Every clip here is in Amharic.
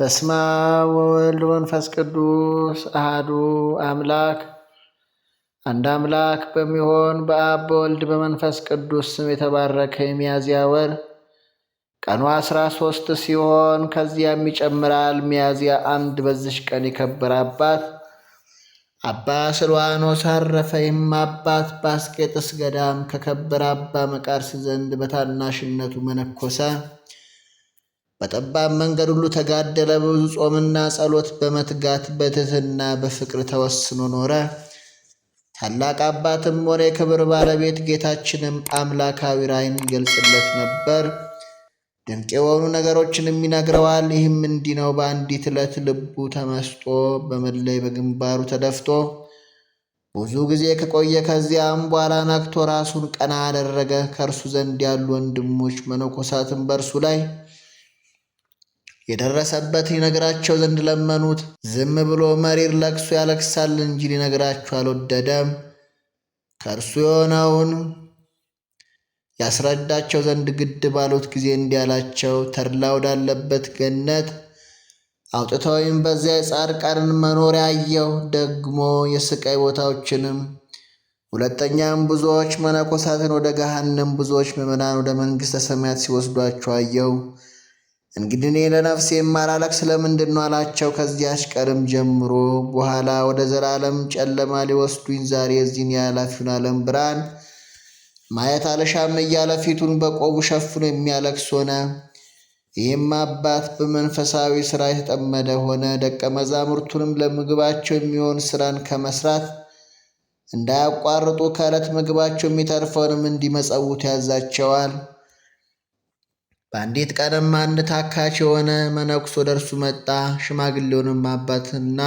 በስመ አብ ወወልድ ወመንፈስ ቅዱስ አሃዱ አምላክ አንድ አምላክ በሚሆን በአብ በወልድ በመንፈስ ቅዱስ ስም የተባረከ የሚያዝያ ወር ቀኑ አስራ ሶስት ሲሆን ከዚያም ይጨምራል። ሚያዝያ አንድ በዚሽ ቀን የከበረ አባት አባ ስልዋኖስ አረፈ። ይህም አባት በአስቄጥስ ገዳም ከከበረ አባ መቃርስ ዘንድ በታናሽነቱ መነኮሰ። በጠባብ መንገድ ሁሉ ተጋደለ። በብዙ ጾምና ጸሎት በመትጋት በትህትና በፍቅር ተወስኖ ኖረ። ታላቅ አባትም ሆነ የክብር ባለቤት ጌታችንም አምላካዊ ራእይን ይገልጽለት ነበር። ድንቅ የሆኑ ነገሮችንም ይነግረዋል። ይህም እንዲህ ነው። በአንዲት ዕለት ልቡ ተመስጦ በመለይ በግንባሩ ተደፍቶ ብዙ ጊዜ ከቆየ። ከዚያም በኋላ ነቅቶ ራሱን ቀና አደረገ። ከእርሱ ዘንድ ያሉ ወንድሞች መነኮሳትን በእርሱ ላይ የደረሰበት ሊነግራቸው ዘንድ ለመኑት። ዝም ብሎ መሪር ለቅሶ ያለቅሳል እንጂ ሊነግራቸው አልወደደም። ከእርሱ የሆነውን ያስረዳቸው ዘንድ ግድ ባሉት ጊዜ እንዲያላቸው ተድላ ወዳለበት ገነት አውጥተውኝ በዚያ የጻድቃንን መኖሪያ አየሁ፣ ደግሞ የስቃይ ቦታዎችንም። ሁለተኛም ብዙዎች መነኮሳትን ወደ ገሃነም፣ ብዙዎች ምዕመናን ወደ መንግሥተ ሰማያት ሲወስዷቸው አየው። እንግዲህ እኔ ለነፍሴ የማላለቅስ ስለምንድን ነው አላቸው። ከዚያች ቀንም ጀምሮ በኋላ ወደ ዘላለም ጨለማ ሊወስዱኝ ዛሬ የዚህን የኃላፊውን ዓለም ብርሃን ማየት አለሻም እያለ ፊቱን በቆቡ ሸፍኖ የሚያለቅስ ሆነ። ይህም አባት በመንፈሳዊ ስራ የተጠመደ ሆነ። ደቀ መዛሙርቱንም ለምግባቸው የሚሆን ስራን ከመስራት እንዳያቋርጡ ከዕለት ምግባቸው የሚተርፈውንም እንዲመጸውት ያዛቸዋል። በአንዲት ቀንም አንድ ታካች የሆነ መነኩስ ወደ እርሱ መጣ። ሽማግሌውንም አባትና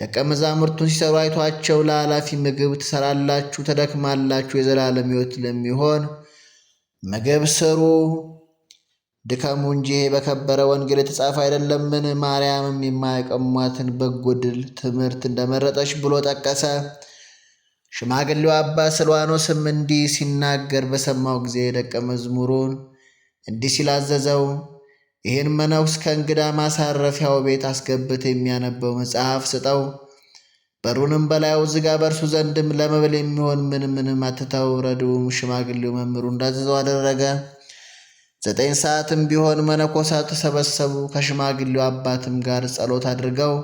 ደቀ መዛሙርቱን ሲሰሩ አይቷቸው ለኃላፊ ምግብ ትሰራላችሁ፣ ተደክማላችሁ፣ የዘላለም ሕይወት ለሚሆን ምግብ ስሩ ድከሙ እንጂ በከበረ ወንጌል የተጻፈ አይደለምን? ማርያምም የማይቀሟትን በጎ ድል ትምህርት እንደመረጠች ብሎ ጠቀሰ። ሽማግሌው አባ ስልዋኖስም እንዲህ ሲናገር በሰማው ጊዜ ደቀ መዝሙሩን እንዲህ ሲል አዘዘው! ይህን መነኩስ ከእንግዳ ማሳረፊያው ቤት አስገብት የሚያነበው መጽሐፍ ስጠው፣ በሩንም በላዩ ዝጋ፣ በእርሱ ዘንድም ለመብል የሚሆን ምን ምንም አትተው። ረድውም ሽማግሌው መምህሩ እንዳዘዘው አደረገ። ዘጠኝ ሰዓትም ቢሆን መነኮሳት ተሰበሰቡ። ከሽማግሌው አባትም ጋር ጸሎት አድርገው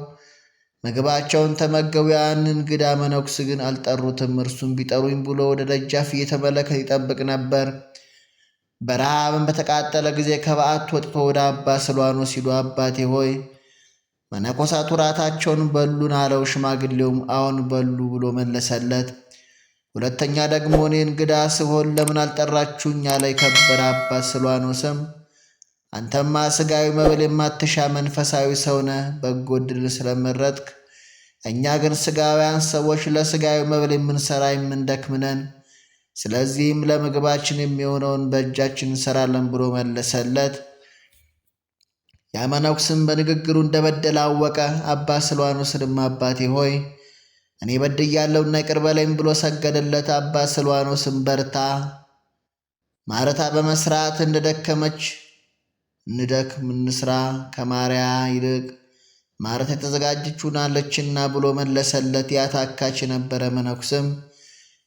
ምግባቸውን ተመገቡ። ያን እንግዳ መነኩስ ግን አልጠሩትም። እርሱም ቢጠሩኝ ብሎ ወደ ደጃፍ እየተመለከተ ይጠብቅ ነበር። በረሃብን በተቃጠለ ጊዜ ከበዓት ወጥቶ ወደ አባ ስሏኖ ሲሉ አባቴ ሆይ መነኮሳቱ ራታቸውን በሉን አለው። ሽማግሌውም አሁን በሉ ብሎ መለሰለት። ሁለተኛ ደግሞ እኔ እንግዳ ስሆን ለምን አልጠራችሁኝ አለ። የከበረ አባ ስም? አንተማ ስጋዊ መብል የማትሻ መንፈሳዊ ሰውነ በጎ ዕድል ስለመረጥክ፣ እኛ ግን ስጋውያን ሰዎች ለስጋዊ መብል የምንሰራ የምንደክምነን ስለዚህም ለምግባችን የሚሆነውን በእጃችን እንሰራለን ብሎ መለሰለት። ያ በንግግሩ እንደበደለ አወቀ። አባ ስልዋኖስንም አባቴ ሆይ እኔ በድያለሁና ይቅር በለኝ ብሎ ሰገደለት። አባ ስልዋኖስም በርታ፣ ማረታ በመስራት እንደደከመች እንደክም እንስራ ከማርያ ይልቅ ማረት የተዘጋጀች ብሎ መለሰለት። ያታካች የነበረ መነኩስም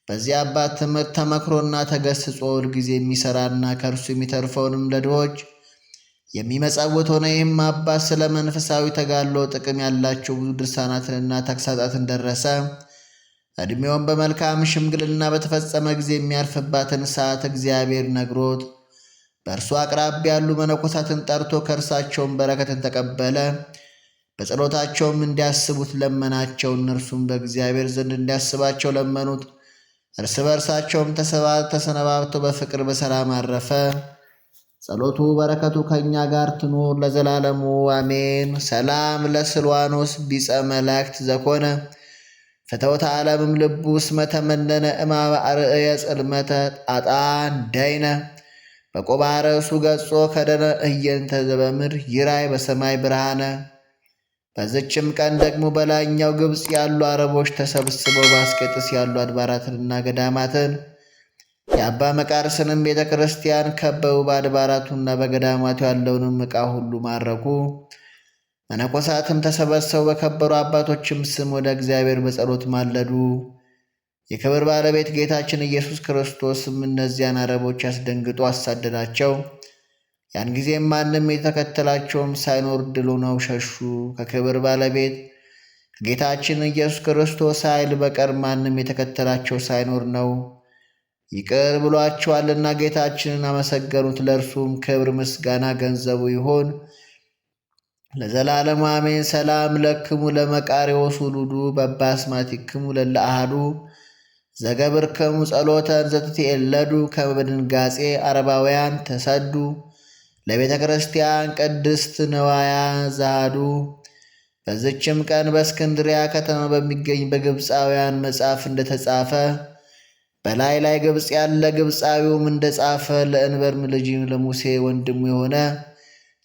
በዚህ አባት ትምህርት ተመክሮና ተገስጾ ሁልጊዜ የሚሰራና ከእርሱ የሚተርፈውንም ለድሆች የሚመጸውት ሆነ። ይህም አባት ስለ መንፈሳዊ ተጋድሎ ጥቅም ያላቸው ብዙ ድርሳናትንና ተክሳጣትን ደረሰ። ዕድሜውን በመልካም ሽምግልና በተፈጸመ ጊዜ የሚያርፍባትን ሰዓት እግዚአብሔር ነግሮት በእርሱ አቅራቢያ ያሉ መነኮሳትን ጠርቶ ከእርሳቸውን በረከትን ተቀበለ። በጸሎታቸውም እንዲያስቡት ለመናቸው። እነርሱም በእግዚአብሔር ዘንድ እንዲያስባቸው ለመኑት። እርስ በእርሳቸውም ተሰነባብቶ በፍቅር በሰላም አረፈ። ጸሎቱ በረከቱ ከእኛ ጋር ትኑር ለዘላለሙ አሜን። ሰላም ለስልዋኖስ ቢጸ መላእክት ዘኮነ ፍትወተ ዓለምም ልቡ እስመ ተመነነ እማበ አርእየ ጽልመተ ጣጣን ደይነ በቆባ ገጾ ከደነ እየንተ ዘበምድር ይራይ በሰማይ ብርሃነ በዚችም ቀን ደግሞ በላይኛው ግብፅ ያሉ አረቦች ተሰብስበው ባስቄጥስ ያሉ አድባራትንና ገዳማትን የአባ መቃርስንም ቤተ ክርስቲያን ከበው በአድባራቱና በገዳማቱ ያለውንም ዕቃ ሁሉ ማረኩ። መነኮሳትም ተሰበሰቡ፣ በከበሩ አባቶችም ስም ወደ እግዚአብሔር በጸሎት ማለዱ። የክብር ባለቤት ጌታችን ኢየሱስ ክርስቶስም እነዚያን አረቦች አስደንግጦ አሳደዳቸው። ያን ጊዜም ማንም የተከተላቸውም ሳይኖር ድል ሆነው ሸሹ። ከክብር ባለቤት ከጌታችን ኢየሱስ ክርስቶስ ኃይል በቀር ማንም የተከተላቸው ሳይኖር ነው። ይቅር ብሏቸዋልና ጌታችንን አመሰገኑት። ለእርሱም ክብር ምስጋና ገንዘቡ ይሆን ለዘላለም አሜን። ሰላም ለክሙ ለመቃሪዎስ ውሉዱ በባስማቲክሙ ለለአሃዱ ዘገብርከሙ ጸሎተን ዘትትኤለዱ ከመበድንጋጼ አረባውያን ተሰዱ ለቤተ ክርስቲያን ቅድስት ነዋያ ዛዱ። በዝችም ቀን በእስክንድሪያ ከተማ በሚገኝ በግብፃውያን መጽሐፍ እንደተጻፈ በላይ ላይ ግብፅ ያለ ግብፃዊውም እንደጻፈ ለእንበርም ልጅም ለሙሴ ወንድሙ የሆነ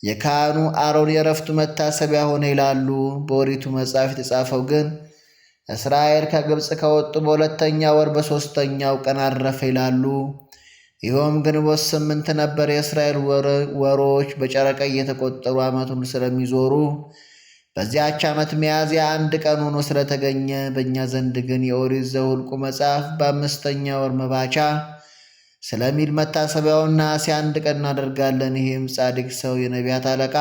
የካህኑ አሮን የእረፍቱ መታሰቢያ ሆነ ይላሉ። በኦሪቱ መጽሐፍ የተጻፈው ግን እስራኤል ከግብፅ ከወጡ በሁለተኛ ወር በሦስተኛው ቀን አረፈ ይላሉ። ይኸውም ግንቦት ስምንት ነበር። የእስራኤል ወሮች በጨረቃ እየተቆጠሩ ዓመቱን ስለሚዞሩ በዚያች ዓመት ሚያዝያ አንድ ቀን ሆኖ ስለተገኘ በእኛ ዘንድ ግን የኦሪት ዘኍልቍ መጽሐፍ በአምስተኛ ወር መባቻ ስለሚል መታሰቢያውን ነሐሴ አንድ ቀን እናደርጋለን። ይህም ጻድቅ ሰው የነቢያት አለቃ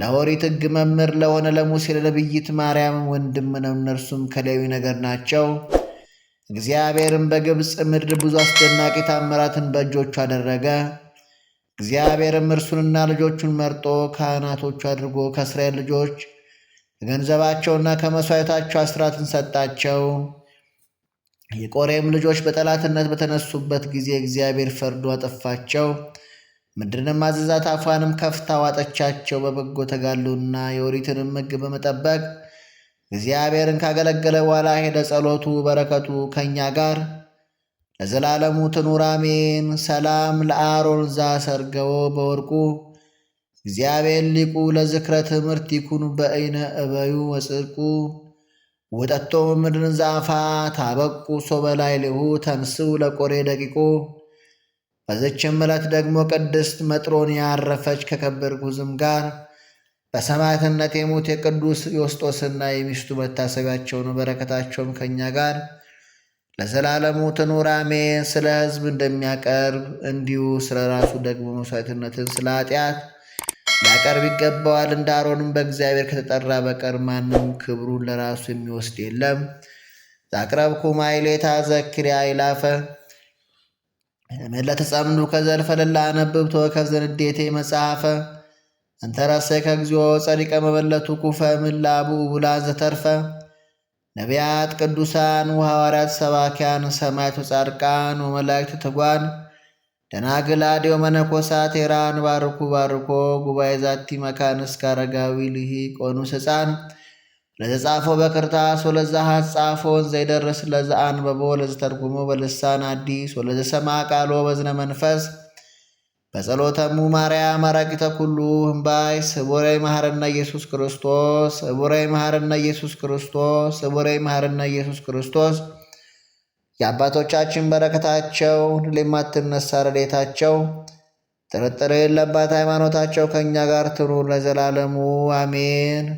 ለኦሪት ሕግ መምህር ለሆነ ለሙሴ ለነቢይት ማርያም ወንድም ነው። እነርሱም ከሌዊ ነገር ናቸው። እግዚአብሔርም በግብፅ ምድር ብዙ አስደናቂ ታምራትን በእጆቹ አደረገ። እግዚአብሔርም እርሱንና ልጆቹን መርጦ ካህናቶቹ አድርጎ ከእስራኤል ልጆች ከገንዘባቸውና ከመሥዋዕታቸው አስራትን ሰጣቸው። የቆሬም ልጆች በጠላትነት በተነሱበት ጊዜ እግዚአብሔር ፈርዶ አጠፋቸው። ምድርንም አዘዛት፣ አፏንም ከፍታ ዋጠቻቸው። በበጎ ተጋሉና የኦሪትንም ሕግ በመጠበቅ እግዚአብሔርን ካገለገለ በኋላ ሄደ። ጸሎቱ በረከቱ ከእኛ ጋር ለዘላለሙ ትኑር አሜን። ሰላም ለአሮን ዘሰርገቦ በወርቁ እግዚአብሔር ሊቁ ለዝክረ ትምህርት ይኩኑ በእይነ እበዩ ወፅድቁ ወጠቶ ምድርን ዛፋ ታበቁ ሶበላይ ልሁ ተንስው ለቆሬ ደቂቁ። በዘችም ዕለት ደግሞ ቅድስት መጥሮን ያረፈች ከከበርኩ ዝም ጋር በሰማዕትነት የሞት የቅዱስ ዮስጦስና የሚስቱ መታሰቢያቸው ነው። በረከታቸውም ከእኛ ጋር ለዘላለሙ ትኑር አሜን። ስለ ሕዝብ እንደሚያቀርብ እንዲሁ ስለ ራሱ ደግሞ መስዋዕትነትን ስለ ኃጢአት ሊያቀርብ ይገባዋል። እንደ አሮንም በእግዚአብሔር ከተጠራ በቀር ማንም ክብሩን ለራሱ የሚወስድ የለም። ዛቅረብኩ ማይሌታ ዘክሪያ ይላፈ ምለተጸምዱ ከዘልፈ ልላ አነብብ መጽሐፈ እንተረሰይከ ከእግዚኦ ጸዲቀ መበለቱ ኩፈ ምላቡ ቡላን ዘተርፈ ነቢያት፣ ቅዱሳን ወሐዋርያት፣ ሰባኪያን፣ ሰማዕት፣ ጻድቃን ወመላእክት ትጓን ደናግል፣ አድዮ መነኮሳት ቴራን ባርኩ ባርኮ ጉባኤ ዛቲ መካን እስከ አረጋዊ ልሂ ቆኑስ ሕፃን ለተጻፈው በክርታስ ወለዛ ሐጻፎን ዘይደርስ ለዛ አንበቦ ለዘተርጉሞ በልሳን አዲስ ወለዘሰማ ቃሎ በዝነ መንፈስ በጸሎተሙ ማርያም አራቂተ ኩሉ እምባይ ስቡረይ መሐረነ ኢየሱስ ክርስቶስ ስቡረይ መሐረነ ኢየሱስ ክርስቶስ ስቡረይ መሐረነ ኢየሱስ ክርስቶስ። የአባቶቻችን በረከታቸው የማትነሳ ረድኤታቸው ጥርጥር የለባት ሃይማኖታቸው ከእኛ ጋር ትኑር ለዘላለሙ አሜን።